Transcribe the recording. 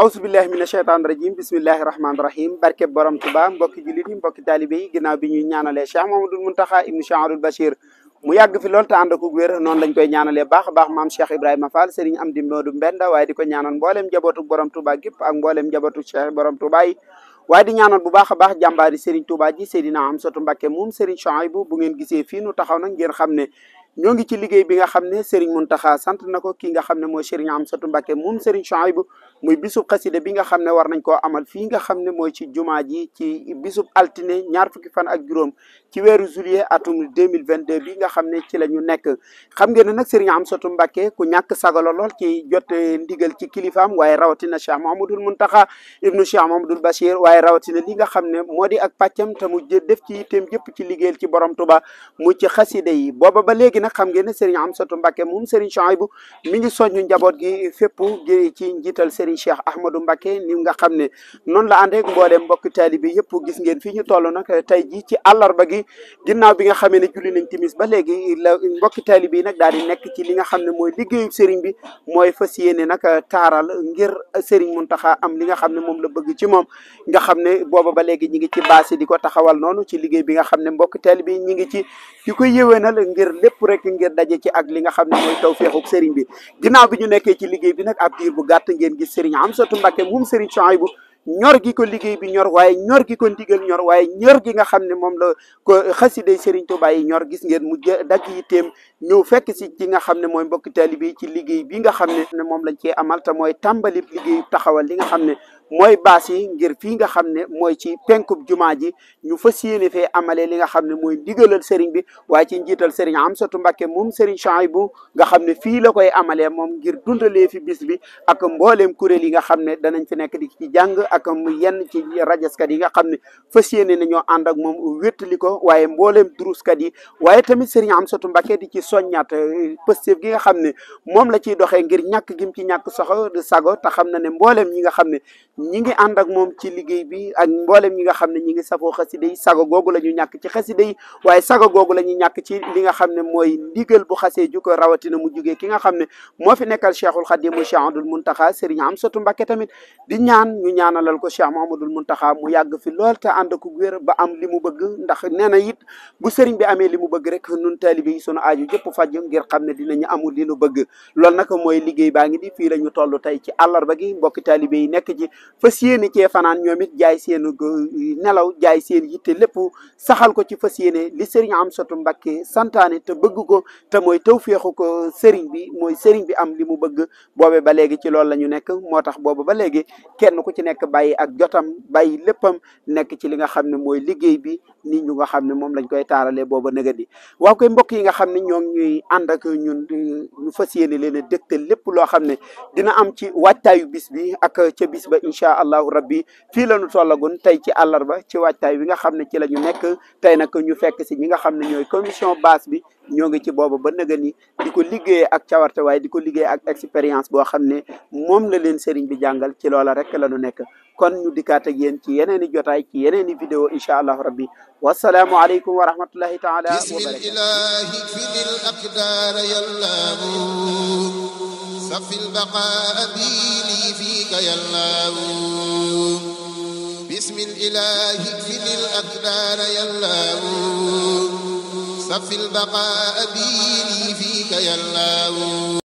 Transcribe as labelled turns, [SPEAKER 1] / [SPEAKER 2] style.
[SPEAKER 1] awsubillahi mina sheytaan rajim bismillahi rahmaani rahim barke borom tuba mbokki jullit yi mbokki taalibe yi ginnaaw bi ñuy ñaanalee cheikh mahamadul muntaxa ibnu cheikh bachir mu yàgg fi lool te ànd ak wér noonu lañ koy ñaanalee baax a baax maam cheikh ibrahima fall sëriñ am di moodu mbenda di ko ñaanal mbooleem njabootu borom tuba gépp ak mbooleem njabootu cheikh borom tuba yi waaye di ñaanal bu baax a baax jàmbaari sëriñ tuba ji seydina am sotu mbakke moom sëriñ Chouaïbou bu ngeen gisee fii nu taxaw nag ngeen xam ne ñoo ngi ci liggéey bi nga xam ne Serigne Mountakha sant na ko ki nga xam ne mooy Serigne Amsatou Mbacké moom Serigne Chouaïbou muy bisub xasida bi nga xam ne war nañ koo amal fii nga xam ne mooy ci jumaa ji ci bisub altine ñaar fukki fan ak juróom ci weeru juillet atum 2022 bi nga xam ne ci la ñu nekk xam ngeen ne nag Serigne Amsatou Mbacké ku ñàkk sagalo lool ci jot ndigal ci kilifam waaye rawatina Cheikh Mouhamadoul Mountakha ibnu Cheikh Mouhamadoul Bachir waaye rawatina li nga xam ne moo di ak pàccam te mu def ci yitteem yëpp ci liggéeyal ci borom Tuba mu ci xasida yi booba ba nag xam ngeen ne Serigne Amsatou Mbacke moom Serigne Chouaïbou mi ngi soññu njaboot gi fépp gi ci njiital Serigne Cheikh Ahmadou mbake ni nga xam ne noonu la ànd ak mboolem mbokki taalibe bi yëpp gis ngeen fi ñu toll nag tey ji ci ba gi ginnaaw bi nga xamee ne julli nañ timis ba léegi la mbokki taalibe yi nag nekk ci li nga xam ne mooy liggéeyu Serigne bi mooy fas yéene nag taaral ngir Serigne Mountakha am li nga xam ne moom la bëgg ci moom nga xam ne booba ba léegi ñi ngi ci baasi di ko taxawal noonu ci liggéey bi nga xam ne mbokki taalibe yi ngi ci di rek ngeen daje ci ak li nga xam ne mooy tawféexuk seriñ bi ginnaaw bi ñu nekkee ci liggéey bi nag ab diir bu gàtt ngeen gis sëriñ Amsatu Mbàkke moom sëriñ bu ñor gi ko liggéey bi ñor waaye ñor gi ko ndigal ñor waaye ñor gi nga xam ne moom la ko xaside Serigne Touba yi ñor gis ngeen mu dagg yi téem ñëw fekk si ci nga xam ne mooy mbokki taalibe yi ci liggéey bi nga xam ne moom lañ cee amal te mooy tàmbali liggéey taxawal li nga xam ne mooy baas yi ngir fii nga xam ne mooy ci penkub jumaa ji ñu fas yéene fee amalee li nga xam ne mooy ndigalal sëriñ bi waaye ci njiital sëriñ Amsatu Mbàkke moom sëriñ Chouaïbou nga xam ne fii la koy amalee moom ngir dundalee fi bi ak mbooleem kuréel yi nga xam ne danañ fi nekk di ci jàng ak yenn ci rajaskat yi nga xam ne fas yéene nañoo ànd ak moom wéttali ko waaye mbooleem duruskat yi waaye tamit sëriñ Amsatu Mbàkke di ci soññaat eh, pëstéef gi nga xam ne moom la ciy doxee ngir ñàkk gim ci ñàkk soxo sago te xam na ne mbooleem ñi nga xam ne ñi ngi ànd ak moom ci liggéey bi ak mboolem ñi nga xam ne ñi ngi safoo xasida yi sago googu la ñu ñàkk ci xasida yi waaye sago googu la ñu ñàkk ci li nga xam ne mooy ndigal bu xasee ju ko rawatina mu jugee ki nga xam ne moo fi nekkal cheikhul xadim mu cheikh amadul muntaxa sëriñ Amsatu Mbàkke tamit di ñaan ñu ñaanalal ko cheikh mahamadul muntaxa mu yàgg fi lool te ànd ko wér ba am li mu bëgg ndax nee na it bu sëriñ bi amee li mu bëgg rek nun taalibe yi sunu aaju jëpp faj ngir xam ne dinañu amul li nu bëgg loolu nag mooy liggéey baa ngi di fii la ñu toll tey ci àllarba gi mbokki taalibe yi nekk ci fas yéene cee fanaan ñoom it jaay seen nelaw jaay seen yitte lépp saxal ko ci fas yéene li sëriñ Amsatu Mbàkke santaane te bëgg ko te mooy tëw tawféexu ko sëriñ bi mooy sëriñ bi am li mu bëgg boobe ba léegi ci loolu la ñu nekk moo tax boobu ba léegi kenn ku ci nekk bàyyi ak jotam bàyyi léppam nekk ci li nga xam ne mooy liggéey bi ni ñu nga xam ne moom lañ koy taaralee booba nëga di waaw koy mbokk yi nga xam ne ñoo ñuy ànd ak ñun ñu fas yéene leen a dégtal lépp loo xam ne dina am ci waajtaayu bis incha allahu rabbi fii la ñu tollagun tey ci àllarba ci waajtaay wi nga xam ne ci la ñu nekk tey nag ñu fekk si ñi nga xam ne ñooy commission base bi ñoo ngi ci boobu ba naga ni di ko liggéeyee ak cawarte waaye di ko liggéey ak expérience boo xam ne moom la leen sëriñ bi jàngal ci loola rek la ñu nekk kon ñu dikkaat ak yéen ci yeneen i jotaay ci yeneen i vidéo incha allahu rabbi wasalaamu aleykum wa rahmatullahi taala wa barakaatu سقف البقاء بي لي فيك يلاوم باسم الإله اكفل الأكدار يلاوم سقف البقاء بي لي فيك يلاوم